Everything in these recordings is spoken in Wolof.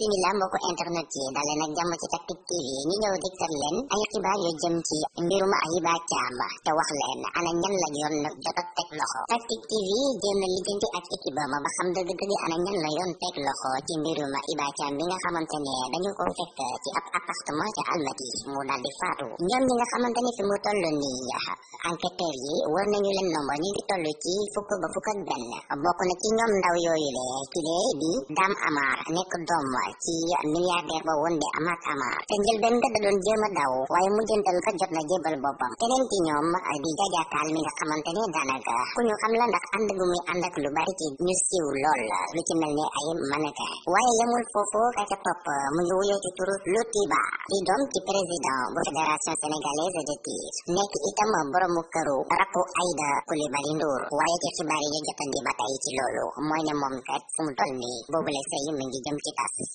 bismillah mbokku internet yi dalee nag jàmm ci Tactic TV ñu ñëw diktal leen ay xibaar yu jëm ci mbirum Ahiba Thiam te wax leen ana ñan la yoon jot a loxo Tactic TV ma ba xam la yoon teg loxo ci mbirum Ahiba Thiam bi nga xamante ne dañu ko fekk ci ab appartement ci Almadies mu daal di faatu ñoom ñi nga xamante ne fi mu toll nii enquêteur yi war nañu leen nombre ñu ngi ci fukk ba fukk ak benn na ci ñoom ndaw yooyu le kile di Dame Amar nekk doom ci milliardaire ba woon di Amath Amar te njëlbeen nga da doon jéem a daw waaye mujjantal ka jot na jébal boppam keneen ci ñoom di Jaja Taal mi nga xamante ne daanaka ku ñu xam la ndax ànd gu muy ànd ak lu bari ci ñu siiw lool lu ci mel ni ay mannequin waaye yemul foofu ka ca topp mu ngi wuyoo ci turu Lotiba di doom ci président bu fédération sénégalaise de tir nekk itam boromu këru rakku Aïda Coulibaly Ndour waaye ci xibaar yi ñu jotandi ba tey ci loolu mooy ne moom kat fu mu toll nii boobule sëy mi ngi jëm ci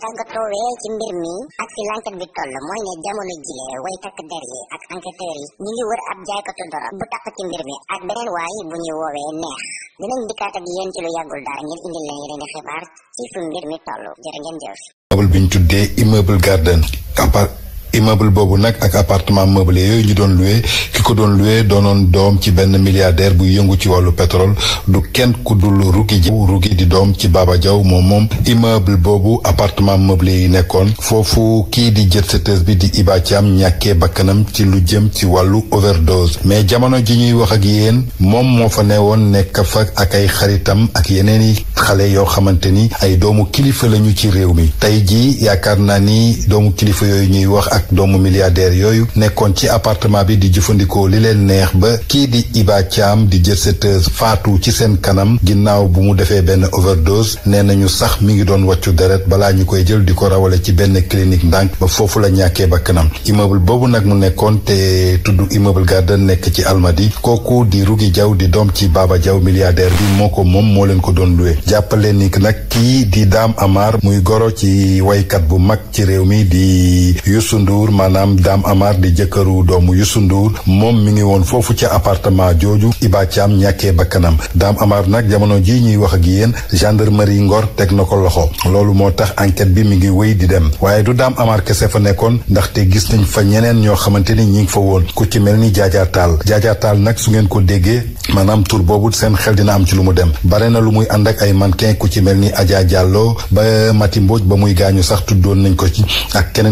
tax nga toowee ci mbir mi ak fi l'enquête bi toll mooy ne jamono jile way takk der ak enquêteurs yi ngi wër ab jaaykatu dorog bu taq ci mbir mi ak beneen waay bu ñuy woowee neex dinañ dikkaat ak yéen ci lu yàggul dara ngir indil leen yeneen xibaar ci fu mbir mi toll jërë ngeen jëf. immeuble bi ñu tuddee immeuble garden immeuble boobu nag ak appartement meublé yooyu ñu doon loué ki ko doon loué doonoon doom ci benn milliardaire buy yëngu ci wàllu pétrole du kenn ku dul Rougui Diaw Rougui di doom ci Baba jaw moom moom immeuble boobu appartement meublé yi nekkoon foofu kii di jet setteuse bi di Iba Thiam ñàkkee bakkanam ci lu jëm ci wàllu overdose mais jamono ji ñuy wax ak yéen moom moo fa ne woon nekk fa ak ay xaritam ak yeneen i xale yoo xamante ni ay doomu kilifa lañu ci réew mi tey yooyu ñuy wax ak ak doomu milliardaire yooyu nekkoon ci apartement bi di jëfandikoo li leen neex ba kii di Iba Thiam di jërsëteuse faatu ci seen kanam ginnaaw bu mu defee benn overdose nee nañu sax mu ngi doon wàccu deret balaa ñu koy jël di ko rawale ci benn clinique ndànk ba foofu la ñàkkee ba kanam immeuble boobu nag mu nekkoon te tudd immeuble garden nekk ci Almadi kooku di rugi Diaw di doom ci Baba jaw milliardaire bi moo ko moom moo leen ko doon luwe jàppale ni nag kii di Dame Amar muy goro ci waykat bu mag ci réew mi di Ndour maanaam Dame Amar di jëkkëru doomu Youssou Ndour moom mu ngi woon foofu ca appartement jooju Iba Thiam ñàkkee bakkanam Dame amaar nag jamono ji ñuy wax ak yéen gendarmerie Ngor teg na ko loxo loolu moo tax enquête bi mi ngi wéy di dem waaye du Dame amaar kese fa nekkoon ndaxte gis nañ fa ñeneen ñoo xamante ni ñi ngi fa woon ku ci mel ni jaajaataal Taal Jaaja nag su ngeen ko déggee maanaam tur boobu seen xel dina am ci lu mu dem bare na lu muy ànd ak ay mannequin ku ci mel ni Adja ba Mati Mbodj ba muy gaañu sax nañ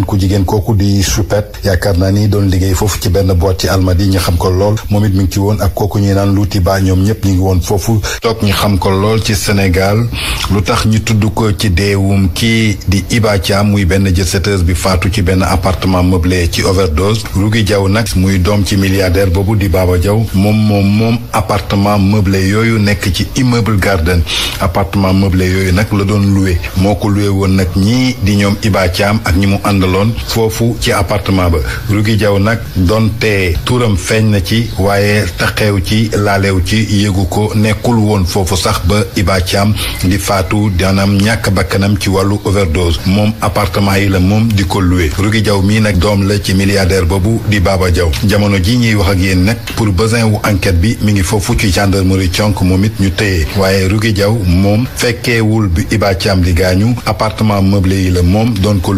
ko ci di Choupette yaakaar naa ni doon liggéey foofu ci benn boîte ci Almadi ñu xam ko lool moom it mi ngi ci woon ak kooku ñuy naan luuti baa ñoom ñëpp ñu ngi woon foofu toog ñu xam ko lool ci Sénégal lu tax ñu tudd ko ci deewum kii di Iba Thiam muy benn jet-setteuse bi faatu ci benn appartement meublé ci overdose Rougui Diaw nag muy doom ci milliardaire boobu di Baba jaw moom moom moom appartement meublé yooyu nekk ci immeuble garden appartement meublé yooyu nag la doon loué moo ko woon nag ñii di ñoom Iba ak ñi mu àndaloon ci appartement ba Rougui Diaw nag donte tuuram feeñ na ci waaye taxew ci laalew ci yëgu ko nekkul woon foofu sax ba Iba Thiam di faatu danam ñàkk bakkanam ci wàllu overdose moom appartement yi la moom di ko loué Rougui jaw mii nag doom la ci milliardaire boobu di baaba jaw jamono ji ñuy wax ak yéen nag pour besoin wu enquête bi mi ngi foofu ci gendarmerie conk moom it ñu téye waaye Rougui jaw moom fekkewul bi Iba Thiam di gaañu appartement meublé yi la moom doon ko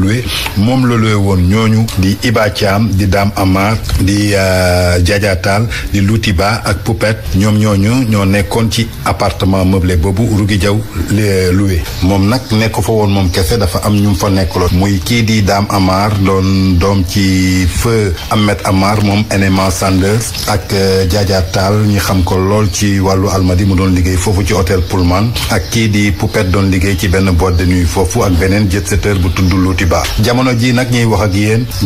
ñooñu di Iba Thiam di Dame Amar di euh, Diadia Tall di Louti Ba ak Poupette ñoom ñooñu ñoo nekkoon ci apartement meublé boobu Rougui Diaw loué moom nag nekk fa woon moom kese dafa am ñum fa nekkaloon muy kii di daam Amar doon doom ci feu Ahmed Amar moom NMA Sanders ak euh, Diadia Tall ñi xam ko lool ci wàllu almadi mu doon liggéey foofu ci hôtel Pullman ak kii di Poupette doon liggéey ci benn boîte de nuy foofu ak beneen jet-setteur bu tudd Louti Ba jamono ji nag ñuy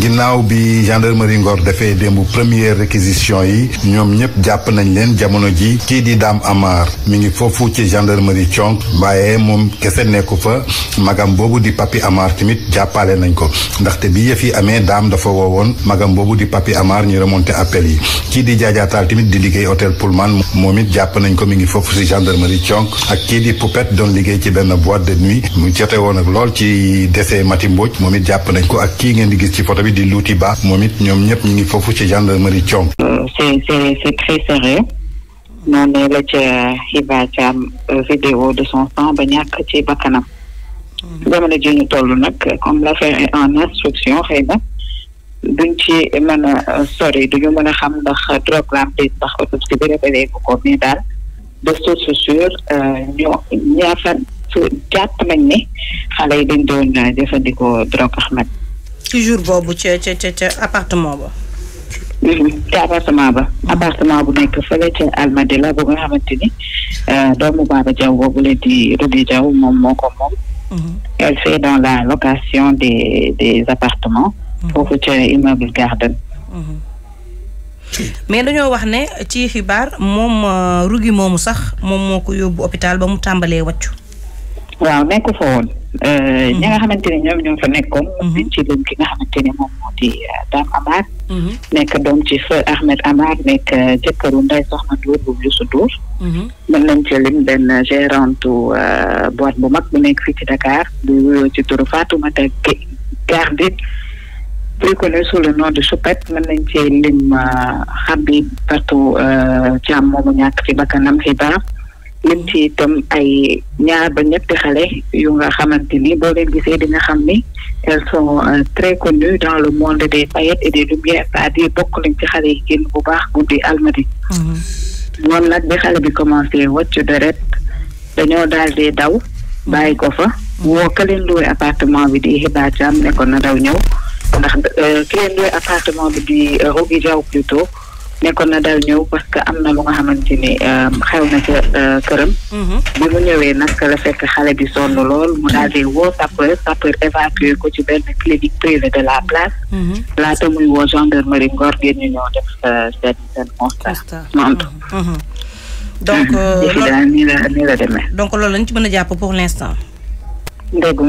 ginnaaw bi gendarmerie Ngor defee démb première réquisition yi ñoom ñëpp jàpp nañ leen jamono ji kii di Dame Amar mi ngi foofu ci gendarmerie Thionk waaye moom kese nekku fa magam boobu di Papi Amar tamit jàppale nañ ko ndaxte bi yëf yi amee daam dafa woowoon magam boobu di Papi Amar ñu remonté appel yi kii di jaajaataal tamit di liggéey hôtel Pullman moom it jàpp nañ ko mi ngi foofu ci gendarmerie Thionk ak kii di Poupette doon liggéey ci benn boîte de nuit mu jote woon ak lool ci décès Mati Mbodj moom it jàpp nañ ko ak kii ngeen di gis ci photo bi di Louti Ba moom it ñoom ñëpp ñu ngi foofu ci gendarmerie Thiong. Euh, c'est c'est c'est très sérieux noonu la ca Hiba Thiam euh, vidéo de son sang ba ñàkk ci bakkanam. jamono ji ñu toll nag comme la est en instruction xëy na duñ ci mën a euh, sori duñu mën a xam ndax drogue la am ndax autopsie bi révélé bu ko mais daal de source sûre ñoo ñaafan jàpp nañ ne xale yi dañ doon jëfandikoo drogue Ahmed ci jour boobu ca ca ca appartement ba. te mm-hmm. appartement ba bu nekk fële ca Almadela bu nga xamante ni euh, doomu Baba Diaw boobu la di Rudy Diaw moom moo ko moom. Mm-hmm. elle fait dans la location des des appartements. Mm-hmm. foofu ca immeuble Garden. mais dañoo wax ne ci xibaar moom euh, rugi moomu sax moom moo ko yóbbu hôpital ba mu tàmbalee wàccu. waaw nekk fa woon. Euh, mhm. ñi nga xamante ne ñoom ñoo fa nekkoon. Mhm. dañ ci lim ki nga xamante ne moom moo di euh, Dame mhm. nekk doom ci Feu Ahmed Amar nekk euh, jëkkëru Ndeye na Ndour bu Youssou Ndour. mën nañ ci lim benn gérante boîte bu mag bu nekk fi ci Dakar bu wuyoo ci turu Fatoumata Gardi plus connu sous le nom de Choupette mën nañ ci lim Habib Fatou Thiam ñàkk fi bakkanam xibaar. lim ci itam ay ñaar ba ñetti xale yu nga xamante ni boo leen gisee di nga xam ni elles sont euh, très connues dans le monde des paillettes et des lumières c'est-à-dire ci xale yi génn bu baax guddi almadi moom mm-hmm. nag bi xale bi commencé wàcc deret dañoo da di daw bàyyi ko fa mm-hmm. woo ka leen luwe appartement bi di xibaar jàmm ne ko na daw ñëw ndax euh, ki leen luwe appartement bi di euh, Rogi Diaw plutôt nekkoon na daal ñëw parce que am na lu nga xamante ni euh, xew na ca euh, këram. Mhm. bi mu ñëwee nag la fekk xale bi sonn lool mu daal di woo sapeur sapeur évacué ko ci benn clinique privée de la place. Mhm. laata muy woo gendarmerie Ngor ngeen ñu ñëw def euh, seen seen constat. Mhm. donc nii la nii la demee. donc loolu lañ ci mën a jàpp pour l' instant. dégg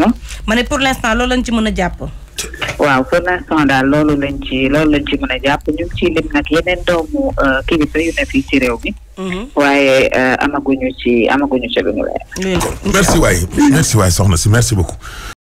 pour l' instant loolu ci mën a jàpp. waaw pour l'instant daal loolu lañ ci loolu lañ ci mën a jàpp ñu ngi ciy lim nag yeneen doomu euh, kilifa yu ne fii ci réew mi. Mhm. waaye euh, amaguñu ci amaguñu ci lu ñu leer. merci waay merci waay soxna si merci beaucoup.